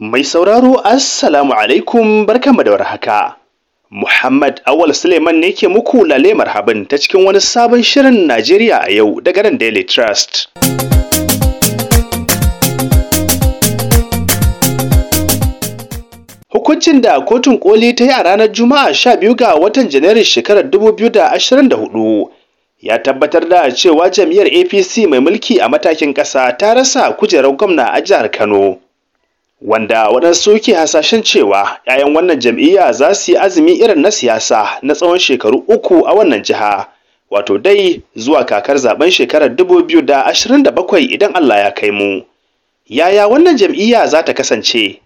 Mai sauraro Assalamu alaikum barkanmu da warhaka. Muhammad Awal Suleiman ne ke muku lalemar habin ta cikin wani sabon shirin Najeriya a yau daga nan Daily Trust. Hukuncin da Kotun Koli ta yi a ranar Juma'a 12 ga watan Janairu shekarar 2024 ya tabbatar da cewa jam'iyyar APC mai mulki a matakin ƙasa ta rasa kujerar gwamna a jihar Kano. Wanda waɗansu ke hasashen cewa 'ya'yan wannan jam'iyya za su yi azumi irin na siyasa na tsawon shekaru uku a wannan jiha, wato dai zuwa kakar zaben shekarar 2027 idan Allah ya kai mu. Yaya wannan jam'iyya za ta kasance?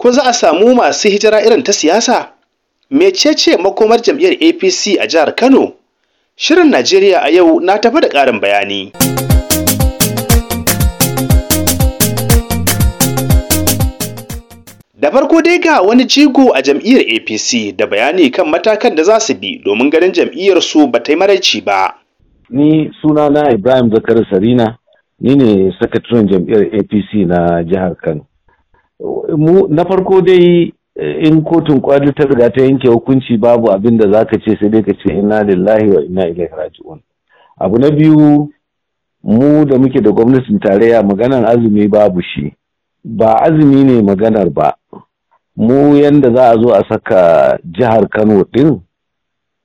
ko za a samu masu hijira irin ta siyasa mecece makomar jam'iyyar apc a jihar kano shirin najeriya a yau na tafi da ƙarin bayani da farko dai ga wani jigo a jam'iyyar apc da bayani kan matakan da za su bi domin ganin jam'iyyar su ba ta yi maraici ba ni sunana ibrahim zakari sarina ni ne sakataren jam'iyyar apc na jihar kano mu na farko dai eh, in kotun kwali ta riga ta yanke hukunci babu abin da za ka ce sai dai ka ce ina lillahi wa inna ilaihi raji'un abu na biyu mu da muke da gwamnatin tarayya maganar azumi babu shi ba azumi ne maganar ba mu yanda za a zo a saka jihar kano din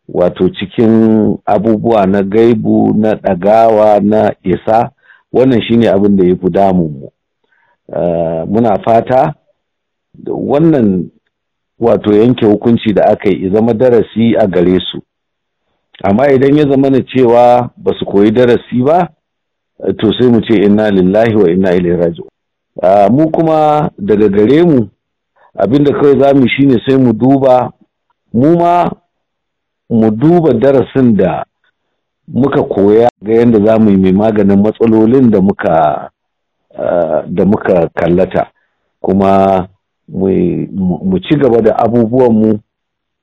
wato cikin abubuwa na gaibu na Dagawa, na isa wannan shine abin da ya fi damun mu Eh, muna fata wannan wato yanke hukunci da aka yi zama darasi a gare su amma idan ya zama na cewa ba su koyi darasi ba eh, to sai mu ce inna lillahi wa inna ilaihi raji'un eh, mu kuma daga gare mu abinda kawai za mu shine sai mu duba mu ma mu duba darasin da muka koya ga yadda za mu yi mai maganin matsalolin da muka da muka kallata kuma mu ci gaba da abubuwanmu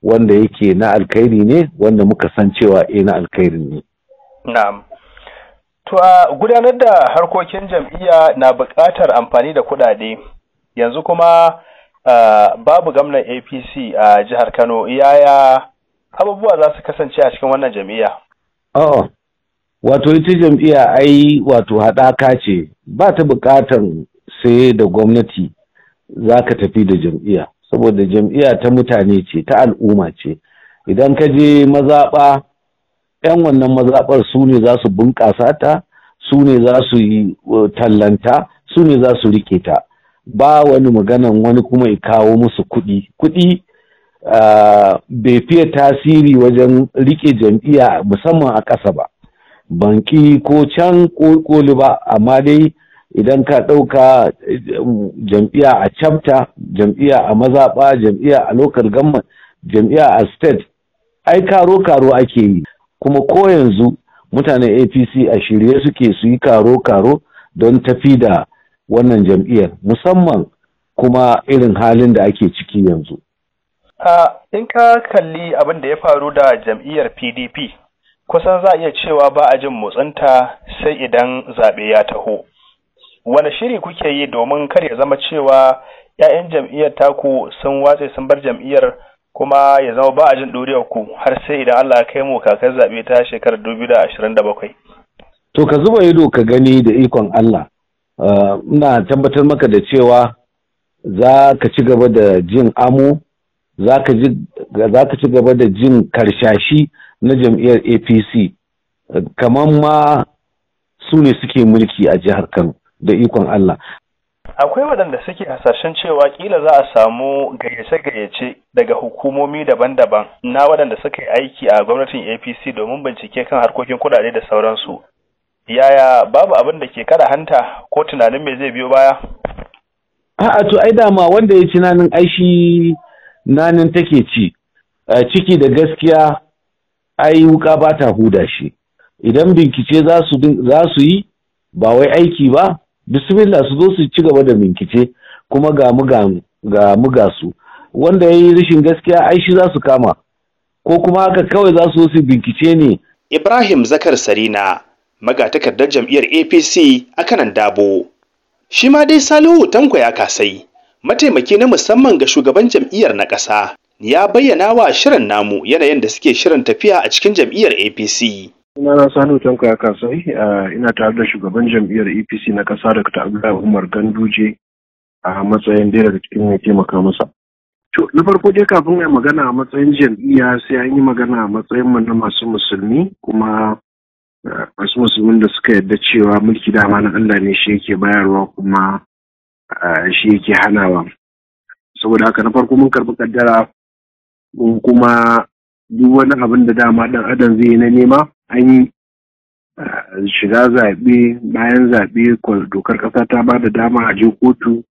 wanda yake na alkhairi ne wanda muka san cewa e na alkhairi ne. Na'am. To a gudanar da harkokin jam'iyya na buƙatar amfani da kuɗaɗe yanzu kuma babu gamnan APC a jihar Kano yaya abubuwa za su kasance a cikin wannan jam'iyya. Oh, wato ita jam'iya ai wato haɗaka ce ba ta buƙatar sai da gwamnati za ka tafi da jam'iya. saboda jam'iyya ta mutane ce ta al'umma ce idan ka je mazaɓa 'yan wannan mazaɓar su ne za su bunƙasa ta su ne za su yi uh, tallanta su ne za su rike ta ba wani maganan wani kuma ya kawo musu kuɗi kuɗi uh, bai fiye tasiri wajen rike jam'iyya musamman a ƙasa ba ban ƙi ko can koli ba amma dai idan ka ɗauka jam'iyya a chapter jam'iyya a mazaɓa jam'iyya a local government jam'iyya a state ai karo karo ake yi kuma ko yanzu mutanen apc a shirye suke su yi karo karo don tafi da wannan jam'iyyar musamman kuma irin halin da ake ciki yanzu. in ka kalli abin da ya faru da jam'iyyar pdp kusan za a iya cewa ba a jin motsinta sai idan zaɓe ya taho wani shiri kuke yi domin kar ya zama cewa 'ya'yan jam'iyyar taku sun watse sun bar jam'iyyar kuma ya zama ba a jin ɗorewar ku har sai idan Allah ya kai mu kakar zaɓe ta shekarar 2027 to ka zuba ido ka gani da ikon Allah ah, ina tabbatar maka da cewa za ka ci gaba da jin amo za ka ci gaba da jin karsashi na jam'iyyar apc kamar ma su ne suke mulki a jihar kano da ikon allah akwai waɗanda suke hasashen cewa kila za a samu gayyace-gayyace daga hukumomi daban-daban na waɗanda suka yi aiki a gwamnatin apc domin bincike kan harkokin kuɗaɗe da sauransu yaya babu abin da ke kada hanta ko tunanin me zai biyo baya a'a to ai dama wanda ya ci nanin aishi nanin take ci eh, ciki da gaskiya ai wuka ba ta huda shi idan bincike za su yi ba wai aiki ba bismillah su zo su ci gaba da bincike kuma ga mu ga su wanda ya yi rashin gaskiya ai shi za su kama ko kuma haka kawai za su su bincike ne ibrahim zakar sarina magatakardar jam'iyyar apc a kanan dabo shi ma dai salihu tanko ya kasai mataimaki na musamman ga shugaban jam'iyyar na ƙasa ya bayyana wa shirin namu yanayin da suke shirin tafiya a cikin jam'iyyar APC. Ina Sunana Sani Tanko ya kasai ina tare da shugaban jam'iyyar APC na kasa da ta Abdullahi Umar Ganduje a matsayin daya daga cikin mai taimaka masa. na farko dai kafin ya magana a matsayin jam'iyya sai an yi magana a matsayin mu na masu musulmi kuma masu musulmin da suka yarda cewa mulki dama na Allah ne shi yake bayarwa kuma shi yake hanawa. Saboda haka na farko mun karɓi kaddara mun kuma duk wani abin da dama ɗan adam zai yi na nema an yi shiga zaɓe bayan zaɓe dokar ƙasa ta ba da dama a je kotu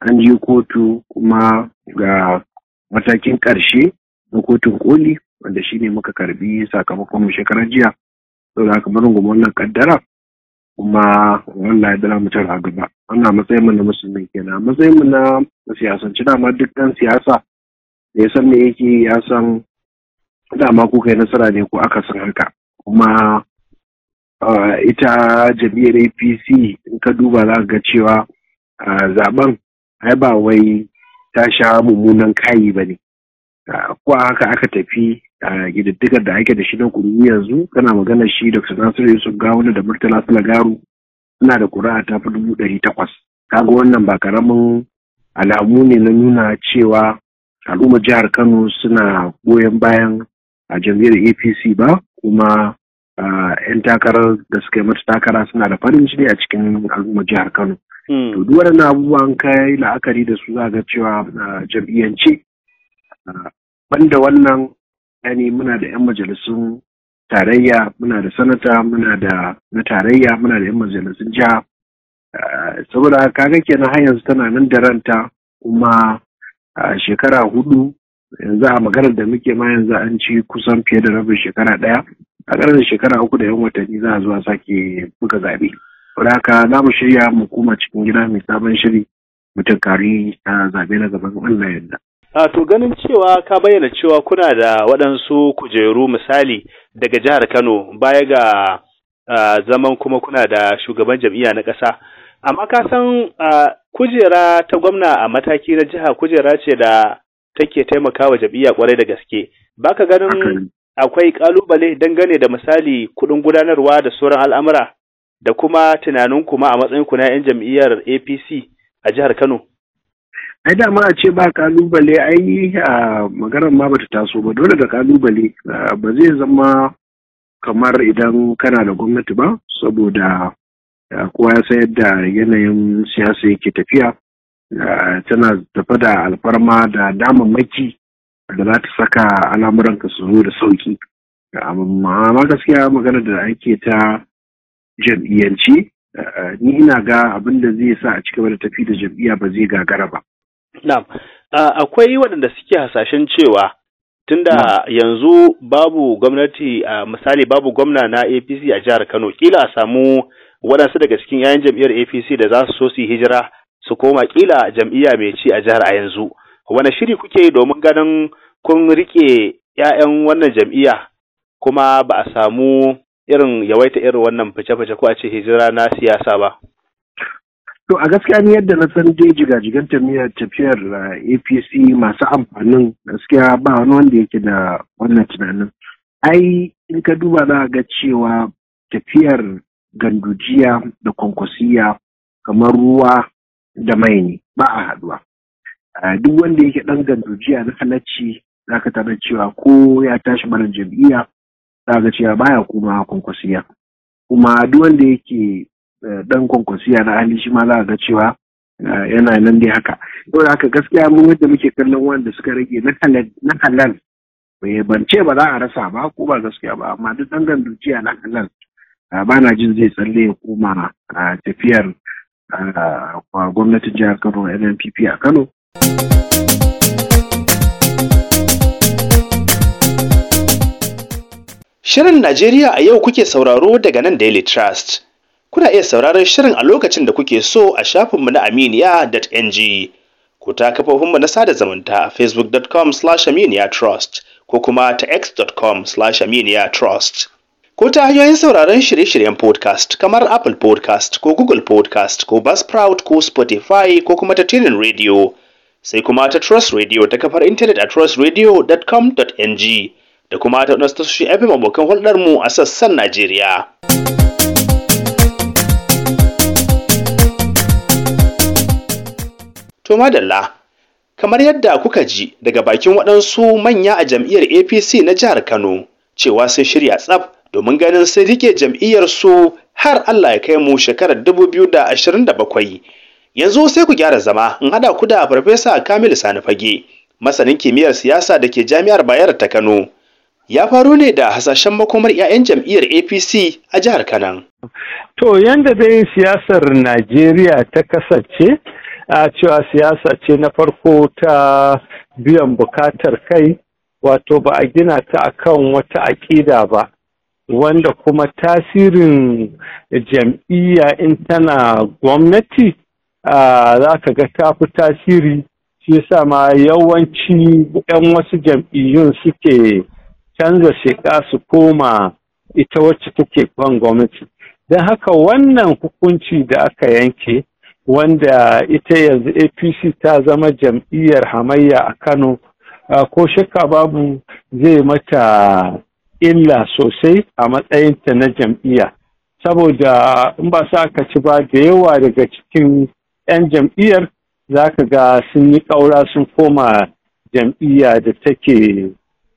an je kotu kuma ga matakin ƙarshe na kotun koli wanda shine muka karbi sakamakon shekarar jiya sau haka kamar goma wannan kaddara kuma wallahi da mu tara gaba ana matsayin mu na musulmi kenan matsayin mu na siyasance dama duk ɗan siyasa da ya san me yake ya san dama ko kai nasara ne ko aka san haka kuma ita jami'ar apc in ka duba za ga cewa zaben ai ba wai ta sha mummunan kayi ba ne ko haka aka tafi gididdigar da ake da shi na kunu yanzu kana magana shi dr nasiru yusuf gawuna da murtala sulagaru suna da kuri'a ta fi dubu ɗari takwas kaga wannan ba karamin alamu ne na nuna cewa al'ummar jihar kano suna goyon bayan a jam'iyyar apc ba kuma yan takarar da suka yi mata takara suna da farin ciki a cikin al'ummar jihar kano hmm. to duk waɗannan abubuwan kai la'akari da su za ga cewa jam'iyyance banda wannan yani muna da yan majalisun tarayya muna da sanata muna da na tarayya muna da yan majalisun jiha saboda kaga kenan har yanzu tana nan da ranta kuma a shekara hudu yanzu a maganar da muke ma yanzu an ci kusan fiye da rabin shekara ɗaya a ƙarshen shekara uku da yan watanni za a zuwa sake buga zaɓe. haka za mu shirya mu koma cikin gida mai sabon shiri mu tunkari a zaɓe na gaban wannan yadda. A to ganin cewa ka bayyana cewa kuna da waɗansu kujeru misali daga jihar Kano baya ga zaman kuma kuna da shugaban jam'iyya na ƙasa. amma ka san kujera ta gwamna a mataki na jiha kujera ce da take taimakawa jam'iyya kwarai da gaske baka ganin akwai kalubale dangane da misali kuɗin gudanarwa da sauran al'amura da kuma tunanin kuma a matsayin ku na 'yan jam'iyyar APC a jihar Kano ai da ma a ce ba kalubale ai a maganar ma bata taso ba dole da kalubale ba zai zama kamar idan kana da gwamnati ba saboda kowa ya sayar da yanayin siyasa yake tafiya tana tafa da alfarma da damammaki da za ta saka al'amuranka su zo da sauki amma gaskiya magana da ake ta jam'iyyanci eh, eh, ni ina ga abin da zai sa a cigaba da tafi da jam'iyya ba zai gagara ba. Na'am, ah, akwai waɗanda suke hasashen cewa tunda yanzu babu gwamnati a ah, misali babu gwamna na APC a jihar Kano kila a samu waɗansu daga cikin 'ya'yan jam'iyyar APC da za su so su yi hijira su koma kila jam'iyya mai ci a jihar a yanzu wani shiri kuke yi domin ganin kun rike 'ya'yan wannan jam'iyya kuma ba a samu irin yawaita irin wannan fice-fice ko a ce hijira na siyasa ba to a gaskiya ni yadda na san dai jigajigan tafiyar tafiyar uh, apc masu amfanin gaskiya ba wani wanda yake da wannan tunanin ai in ka duba za ga cewa tafiyar gandujiya da kwankwasiya kamar ruwa da mai ne ba a haduwa duk wanda yake dan gandujiya na halacci za ka tarar cewa ko ya tashi mara jam'iyya za ga cewa baya kuma kwankwasiya kuma duk wanda yake dan e, kwankwasiya na hali shi ma za ga cewa e, yana nan dai haka yau haka gaskiya mun yadda muke kallon wanda suka rage na halal bai eh, bance ba za a rasa ba ko ba gaskiya ba amma duk dan gandujiya na halal Ah, ba na jin zai tsalle ya koma ah, tafiyar ah, gwamnatin jihar kano nnpp a kano Shirin Najeriya a yau kuke sauraro daga nan Daily Trust. Kuna iya sauraron shirin a lokacin da kuke so a shafinmu na aminiya.ng ko ta kafofinmu na sada zumunta facebook.com/aminiya trust ko kuma ta x.com/aminiya trust. ko ta hanyoyin sauraron shirye-shiryen podcast kamar Apple podcast ko Google podcast ko Buzzsprout ko Spotify ko kuma ta Tunin Radio sai kuma ta Trust Radio ta kafar intanet a trustradio.com.ng da kuma ta nasta su FM abokan hulɗar mu a sassan Najeriya. To madalla, kamar yadda kuka ji daga bakin waɗansu manya a jam'iyyar apc na jihar kano cewa sun shirya tsaf domin ganin sai rike jam'iyyar su har Allah ya kai mu shekarar da da ashirin bakwai, yanzu sai ku gyara zama in hada ku da farfesa Kamilu Sani Fage masanin kimiyyar siyasa da ke Jami'ar Bayero ta Kano ya faru ne da hasashen makomar 'ya'yan jam'iyyar APC a jihar Kano to yanda dai siyasar Najeriya ta kasance a cewa siyasa ce na farko ta biyan bukatar kai wato ba a gina ta akan wata aƙida ba wanda kuma tasirin jam'iyya in tana gwamnati za ka ga ta fi tasiri shi yasa ma yawanci 'yan wasu jam'iyyun suke canza sheka su koma ita wacce take kwan gwamnati don haka wannan hukunci da aka yanke wanda ita yanzu apc ta zama jam'iyyar hamayya a kano ko shakka babu zai mata illa sosai a matsayinta na jam'iyya saboda in ba sa ka ci ba da yawa daga cikin 'yan jam'iyyar za ka ga sun yi ƙaura sun koma jam'iyya da take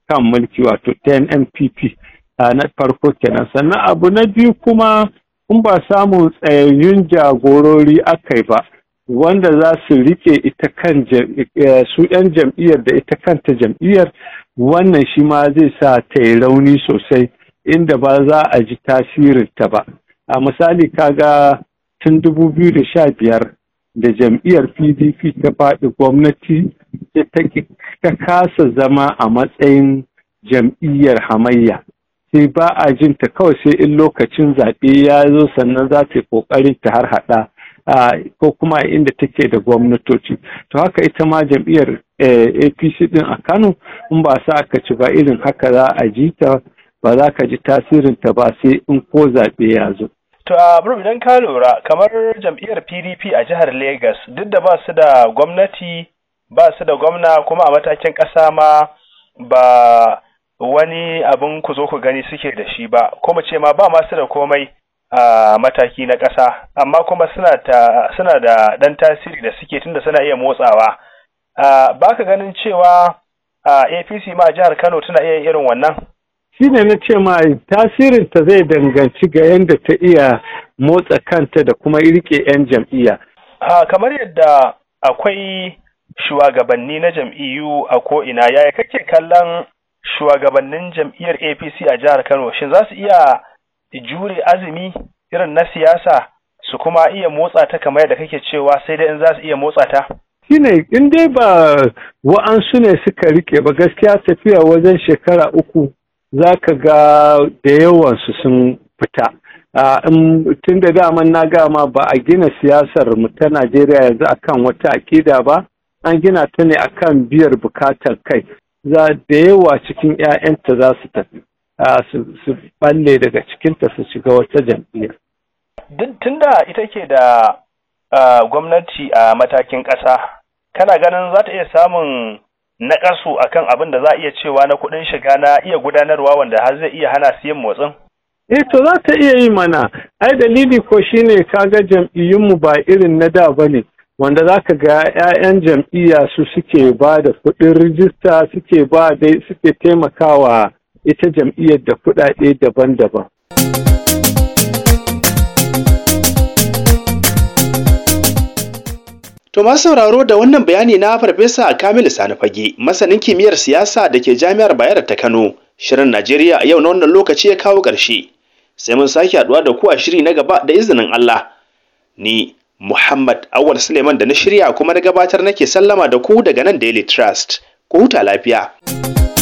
kan mulki wato 10 npp na farko kenan sannan abu na biyu kuma in ba samun tsayayyun jagorori aka yi ba wanda za su rike ita kan eh, su 'yan jam'iyyar da ita kanta jam'iyyar wannan shi ma zai sa ta yi rauni sosai inda ba za a ji tasirinta ba a misali kaga tun 2015 da jam'iyyar pdp ta faɗi gwamnati ta kasa zama a matsayin jam'iyyar hamayya sai ba a jin ta kawai sai in lokacin zaɓe ya zo sannan za ta yi ƙoƙarin ta har haɗa ko kuma inda take da gwamnatoci to haka ita ma jam'iyyar eh, apc din a kano in ba sa aka ci ba irin haka za a ji ta ba za ka ji tasirinta ba sai in ko zaɓe ya zo To a Brum idan ka lura kamar jam'iyyar PDP a jihar Legas duk da ba su da gwamnati ba su da gwamna kuma a matakin ƙasa ma ba wani abin ku zo ku gani suke da shi ba kuma ce ma ba masu da komai a mataki na ƙasa amma kuma suna ta suna da ɗan tasiri da suke tunda suna iya motsawa ba ka ganin cewa a apc ma jihar kano tana iya irin wannan shi na ce ma tasirin ta zai danganci ga yadda ta iya motsa kanta da kuma rike 'yan jam'iyya kamar yadda akwai shugabanni na jam'iyyu a ko'ina yaya kake kallon shugabannin jam'iyyar apc a jihar kano shin za su iya jure azumi irin na siyasa su kuma iya motsa ta kamar yadda kake cewa sai dai in za su iya motsa ta shine in dai ba wa'ansu ne suka rike ba gaskiya tafiya wajen shekara uku za ka ga da yawansu sun fita tun da daman na gama ba a gina siyasar mu ta najeriya yanzu akan wata akida ba an gina ta ne akan biyar bukatar kai za da yawa cikin 'ya'yanta za su tafi su balle daga cikinta su shiga wata jam'iyya. Tun da ita ke da gwamnati a matakin ƙasa, kana ganin za ta iya samun naƙasu a kan abin da za iya cewa na kuɗin shiga na iya gudanarwa wanda har zai iya hana su yin motsin? Eh to za ta iya yi mana, ai dalili ko shine kaga jam'iyyunmu ba irin na da ba ne, wanda za ka ga 'ya'yan jam'iyya su suke ba da kuɗin rijista suke ba dai suke taimakawa ita jam'iyyar da kudade daban-daban. To masu sauraro da wannan bayani na Farfesa Kamilu Sani Fage, masanin kimiyyar siyasa da ke Jami'ar Bayero ta Kano, shirin Najeriya yau na wannan lokaci ya kawo ƙarshe. Sai mun sake haɗuwa da ku a shiri na gaba da izinin Allah. Ni Muhammad Awal Suleiman da na shirya kuma na gabatar nake sallama da ku daga nan Daily Trust. Ku huta lafiya.